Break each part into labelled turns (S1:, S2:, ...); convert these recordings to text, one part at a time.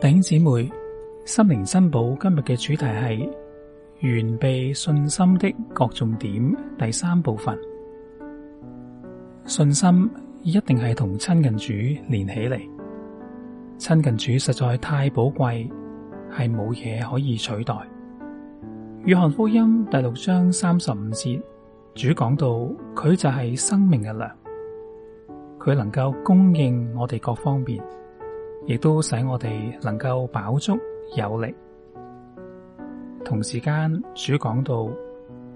S1: 弟兄姊妹，心靈珍寶今日嘅主題係完備信心的各重點第三部分。信心一定係同親近主連起嚟，親近主實在太寶貴，係冇嘢可以取代。約翰福音第六章三十五節，主講到佢就係生命嘅糧，佢能夠供應我哋各方面。亦都使我哋能夠飽足有力，同時間主講到，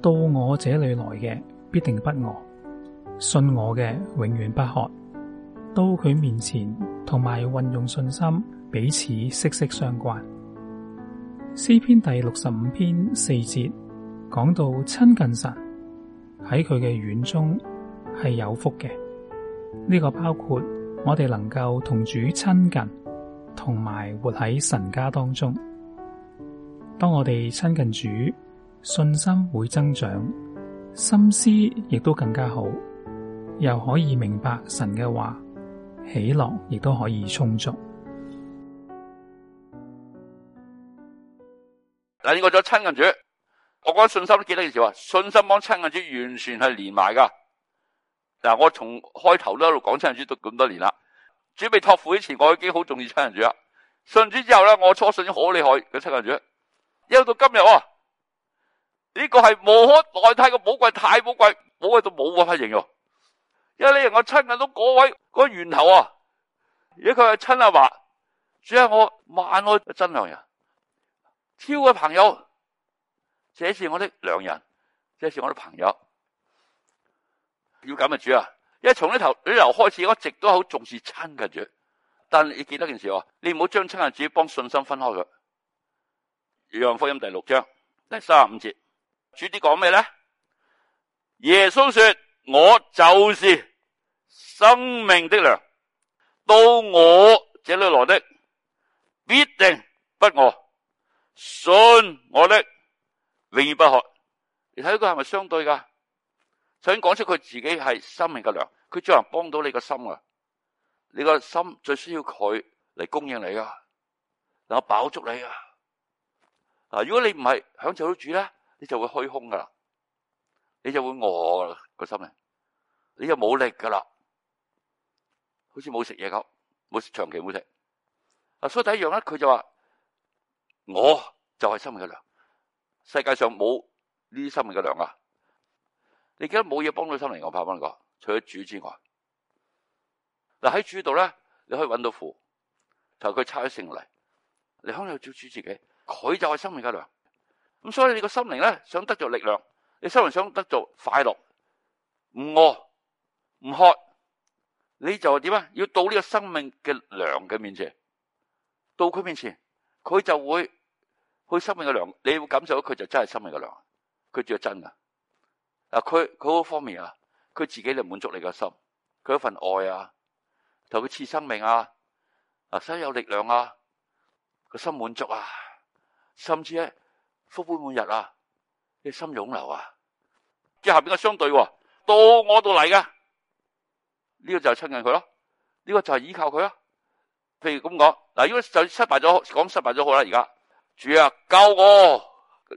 S1: 到我這裏來嘅必定不餓，信我嘅永遠不渴。到佢面前同埋運用信心，彼此息息相關。詩篇第六十五篇四節講到親近神喺佢嘅院中係有福嘅，呢、這個包括。我哋能夠同主親近，同埋活喺神家當中。當我哋親近主，信心會增長，心思亦都更加好，又可以明白神嘅話，喜樂亦都可以充足。
S2: 嗱，你過咗親近主，我覺得信心都幾多件事啊？信心幫親近主完全係連埋噶。嗱，我從開頭都一路講親近主都咁多年啦。準備託付以前我已經好中意親近主啦。信主之後咧，我初信好厲害，嘅親近主。一直到今日啊，呢個係無可代替嘅寶貴，太寶貴，寶貴到冇法形容。因為呢我親近到嗰位嗰、那個、源頭啊，如果佢係親阿爸，主係我萬愛嘅真良人。超嘅朋友，這是我的良人，這是我的朋友。要咁嘅主啊，因為從呢頭旅遊開始，我一直都好重視親近主。但你記得件事，你唔好將親近主幫信心分開佢。約翰福音第六章，第三十五節，主啲講咩咧？耶穌說，我就是生命的糧，到我這裡來的，必定不餓，信我的，永遠不渴。你睇佢係咪相對噶？首先講出佢自己係生命嘅糧，佢將來幫到你個心啊！你個心最需要佢嚟供應你啊，能夠飽足你啊！嗱，如果你唔係享受到主咧，你就會虛空噶啦，你就會餓個心啊，你就冇力噶啦，好似冇食嘢咁，冇長期冇食。啊，所以第一樣咧，佢就話：我就係生命嘅糧，世界上冇呢啲生命嘅糧啊！你而家冇嘢幫到心靈，我怕翻你講，除咗主之外，嗱喺主度咧，你可以揾到符，就佢差咗勝利，你響度照住自己，佢就係生命嘅糧。咁所以你個心靈咧想得着力量，你心靈想得着快樂，唔餓唔渴，你就點啊？要到呢個生命嘅糧嘅面前，到佢面前，佢就會去生命嘅糧，你會感受到佢就真係生命嘅糧，佢就真噶。嗱，佢佢方面啊，佢自己嚟滿足你個心，佢一份愛啊，同佢賜生命啊，身有力量啊，個心滿足啊，甚至係福杯滿溢啊，你心湧流啊，即係下面個相對喎，到我度嚟嘅，呢個就係親近佢咯，呢個就係依靠佢咯，譬如咁講，嗱，如果就失敗咗，講失敗咗好啦，而家主啊，救我，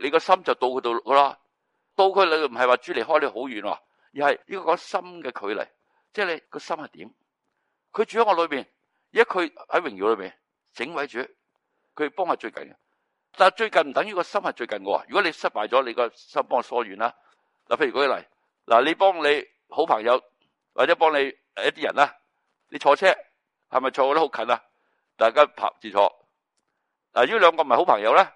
S2: 你個心就到佢度噶啦。到佢，你唔係話主離開你好遠喎，而係呢個心嘅距離，即係你個心係點？佢住喺我裏邊，而家佢喺榮耀裏邊整位住，佢幫係最近嘅，但係最近唔等於個心係最近嘅。如果你失敗咗，你個心幫我疏遠啦。嗱，譬如舉個例，嗱，你幫你好朋友或者幫你一啲人啦，你坐車係咪坐得好近啊？大家拍住坐，嗱，如果兩個唔係好朋友咧，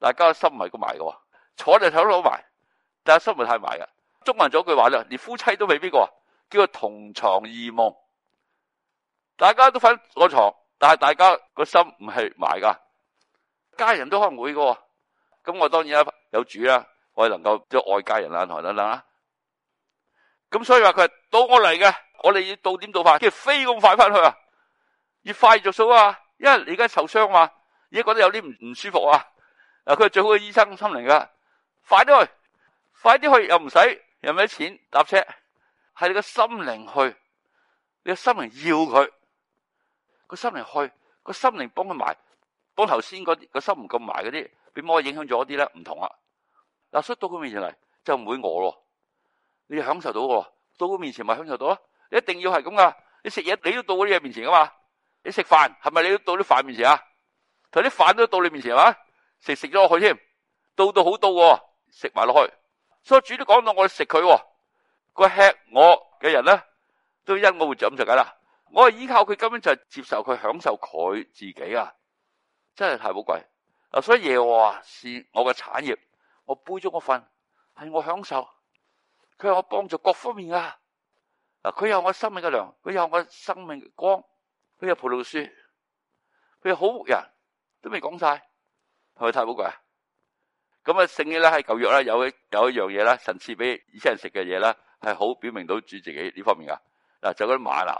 S2: 大家心唔係咁埋喎。坐就坐得埋。但係心唔太埋噶。中文咗句話啦，連夫妻都未必過，叫做同床異夢。大家都瞓個床，但係大家個心唔係埋噶。家人都可能會噶，咁我當然有主啦。我哋能夠愛家人啊，台等等啦，咁所以話佢到我嚟嘅，我哋要到點到快，跟住飛咁快翻去啊，要快就數啊。因為你而家受傷嘛，而家覺得有啲唔唔舒服啊。嗱，佢係最好嘅醫生心嚟噶，快啲去。快啲去又唔使，又唔使錢搭車，係你個心靈去，你個心靈要佢個心靈去個心靈幫佢埋幫頭先嗰啲個心唔夠埋嗰啲俾魔影響咗啲咧唔同啦。嗱、啊，出到佢面前嚟就唔會餓咯，你就享受到喎，到佢面前咪享受到咯，你一定要係咁噶。你食嘢，你都到嗰啲嘢面前噶嘛？你食飯係咪？是是你都到啲飯面前啊？同啲飯都到你面前係嘛？食食咗落去添，到到好到食埋落去。所以主都講到我食佢，個吃我嘅人咧，都因我活着㗎啦。我係依靠佢，根本就係接受佢，享受佢自己啊，真係太寶貴。啊，所以耶和華是我嘅產業，我杯咗我份，係我享受，佢係我幫助各方面啊。嗱，佢有我生命嘅糧，佢有我生命嘅光，佢有葡萄樹，佢好人，都未講晒，係咪太寶貴？咁啊，就剩嘅咧係舊約啦，有一有一樣嘢咧，神賜俾以色列人食嘅嘢咧，係好表明到主自己呢方面噶。嗱，就嗰啲馬蘭，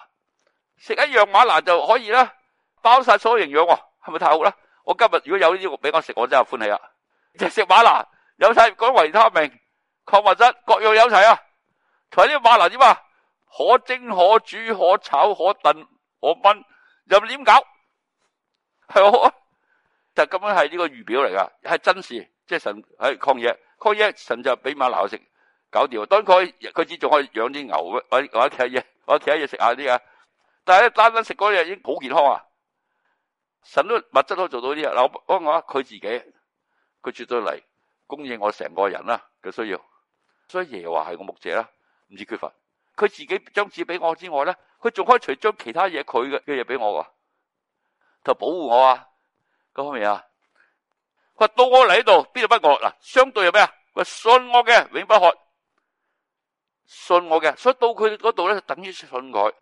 S2: 食一樣馬蘭就可以啦，包晒所有營養，係咪太好啦？我今日如果有呢啲俾我食，我真係歡喜啊！就食馬蘭，有晒嗰啲維他命、礦物質，各樣有齊啊！就係啲馬蘭之嘛，可蒸可、可煮、可炒、可燉、可炆，又點搞，係好啊！就咁樣係呢個預表嚟噶，係真事。即係神喺抗嘢，抗嘢神就俾馬騮食搞掂。當佢佢隻仲可以養啲牛，或者或者其他嘢，或者其他嘢食下啲啊。但係單單食嗰啲已經好健康啊！神都物質都做到啲啊。嗱，我講佢自己，佢絕對嚟，供應我成個人啦嘅需要。所以耶和華話係個牧者啦，唔知缺乏。佢自己將紙俾我之外咧，佢仲可以除將其他嘢佢嘅嘢俾我，佢保護我啊，嗰方面啊。佢話到我嚟呢度，邊度不餓嗱？相對係咩啊？佢信我嘅，永不渴，信我嘅，所以到佢嗰度咧，就等於信佢。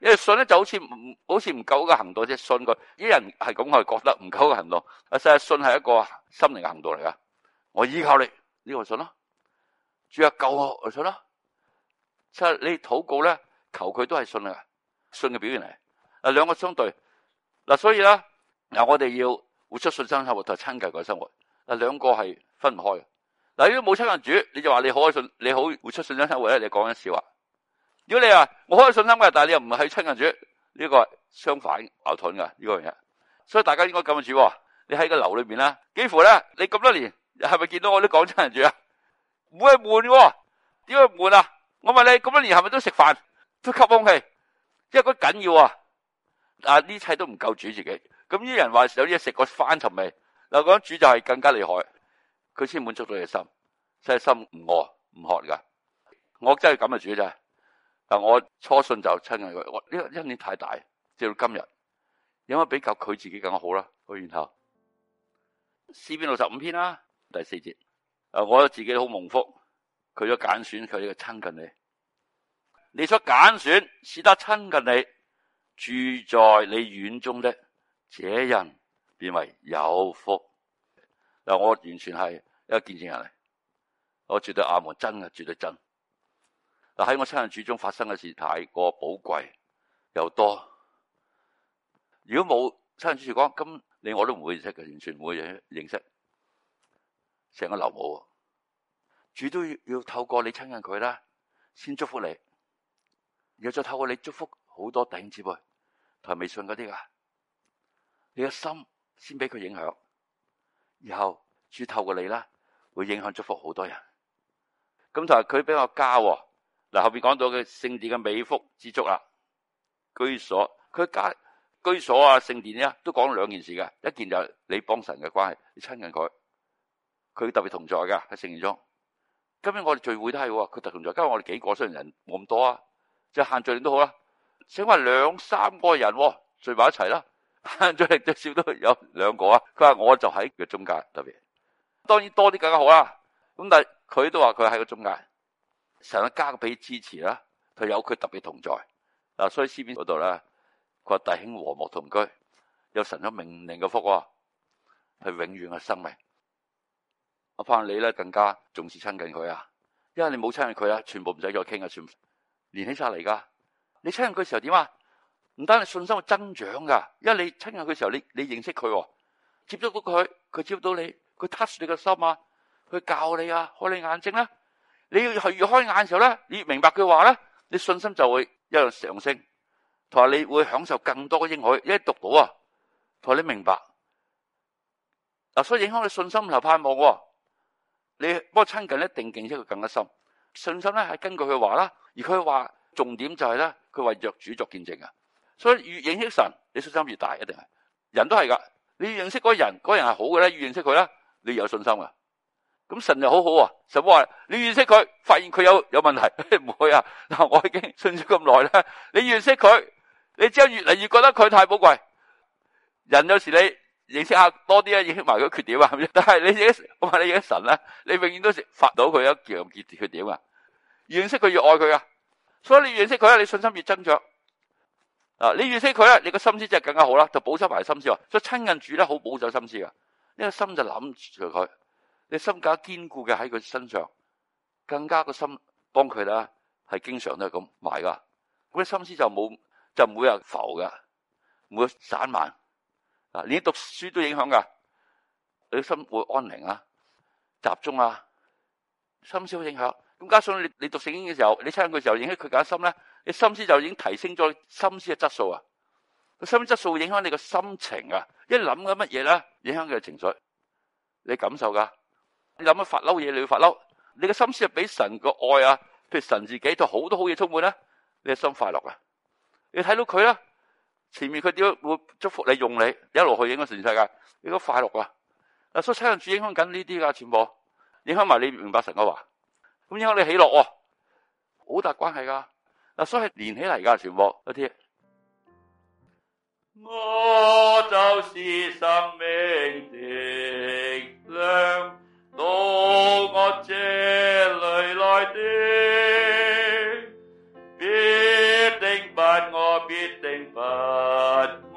S2: 因為信咧就好似唔好似唔夠嘅行動啫，信佢啲人係咁佢覺得唔夠嘅行動，其實信係一個心靈嘅行動嚟噶。我依靠你，呢個信囉？主啊救我，信囉。即係你禱告咧，求佢都係信啊，信嘅表現嚟。啊，兩個相對嗱，所以咧，嗱我哋要。活出信心生活同親近嘅生活，嗱兩個係分唔開嘅。嗱，如果冇親近主，你就話你好有信，你好活出信心生活咧，你講一少啊。如果你話我好有信心嘅，但係你又唔係親近主，呢個係相反矛盾嘅呢個樣嘢。所以大家應該咁樣住，你喺個樓裏邊啦幾乎咧，你咁多年，係咪見到我都講親近主啊？唔會悶，點會悶啊？我問你，咁多年係咪都食飯，都吸空氣，因為嗰個緊要啊！啊，呢一切都唔夠主自己。咁呢啲人話有啲食過翻尋味，嗱講煮就係更加厲害，佢先滿足到你嘅心，就係心唔餓唔渴噶。我真係咁嘅煮咋。嗱我初信就親近佢，呢個一年太大，直到今日，因為比較佢自己更好啦。個源頭詩篇六十五篇啦、啊，第四節，啊我自己好蒙福，佢都揀選佢呢個親近你，你所揀選使得親近你，住在你院中啫。這人便為有福嗱，我完全係一個見證人嚟，我絕對阿門真嘅，絕對真嗱，喺我親近主中發生嘅事太過寶貴又多。如果冇親近主講，咁你我都唔會認識嘅，完全唔會認識成個流母啊！主都要透過你親近佢啦，先祝福你，然後再透過你祝福好多頂姊妹同微信嗰啲噶。你個心先俾佢影響，然後主透過你啦，會影響祝福好多人。咁就係佢比我加，嗱後邊講到嘅聖殿嘅美福知足啦，居所佢加居所啊，聖殿啊，都講兩件事㗎：一件就係你幫神嘅關係，你親近佢，佢特別同在噶，喺聖殿中，今日我哋聚會都係，佢特別同在。今日我哋幾個雖然人冇咁多啊，即係限聚令都好啦，請問兩三個人、啊、聚埋一齊啦。最力 最少都有兩個啊！佢話我就喺佢中間特別，當然多啲更加好啦。咁但係佢都話佢喺個中間，神加俾支持啦。佢有佢特別同在嗱，所以詩篇嗰度咧，佢話弟兄和睦同居，有神咗命令嘅福啊，係永遠嘅生命。我怕你咧更加重視親近佢啊，因為你冇親近佢啊，全部唔使再傾啊，全部年輕晒嚟噶。你親近佢時候點啊？唔單係信心會增長噶，因為你親近佢嘅時候，你你認識佢，接觸到佢，佢接觸到你，佢 touch 你嘅心啊，佢教你啊，開你眼睛啦。你要越開眼嘅時候咧，你越明白佢話咧，你信心就會一路上升。同埋你會享受更多嘅應許，因為讀到啊，同埋你明白，嗱，所以影響你信心同盼望。你不過親近咧，一定認識更深，佢更加深信心咧，係根據佢話啦。而佢話重點就係咧，佢話若主作見證啊。所以越認識神，你信心越大，一定係人都係噶。你認識嗰個人，嗰人係好嘅咧，越認識佢咧，你有信心噶。咁神就好好啊，神話你認識佢，發現佢有有問題，唔會啊。嗱，我已經信咗咁耐咧，你認識佢，你之後越嚟越覺得佢太寶貴。人有時你認識下多啲啊，認識埋佢個缺點啊。但係你識我話你識神咧，你永遠都是發到佢一樣嘅缺點啊。越認識佢越愛佢啊，所以你認識佢咧，你信心越增長。嗱，你預識佢咧，你個心思真係更加好啦，就保守埋心思啊。所以親近主咧，好保守心思噶，呢個心就諗住佢，你心更加堅固嘅喺佢身上，更加個心幫佢咧係經常都係咁埋噶，咁啲心思就冇就唔會啊浮噶，唔會散漫啊，你讀書都影響噶，你個心會安寧啊，集中啊，心思會影響。咁加上你你讀聖經嘅時候，你親近佢嘅時候，影響佢嘅心咧。你心思就已經提升咗心思嘅質素啊。個心思質素會影響你個心情啊。一諗緊乜嘢咧，影響佢嘅情緒，你感受噶。你諗緊發嬲嘢，你要發嬲。你嘅心思係俾神個愛啊，譬如神自己，就好多好嘢充滿啦。你心快樂啊。你睇到佢啦，前面佢點會祝福你、用你，一路去影響全世界，你都快樂啊。啊，所以親人主影響緊呢啲噶，全部影響埋你明白神嘅話，咁影響你喜樂、哦，好大關係噶、啊。啊、所以是連起來噶全部，好聽。我就是生命的糧，到我這裏來的，必定不餓，必定不餓。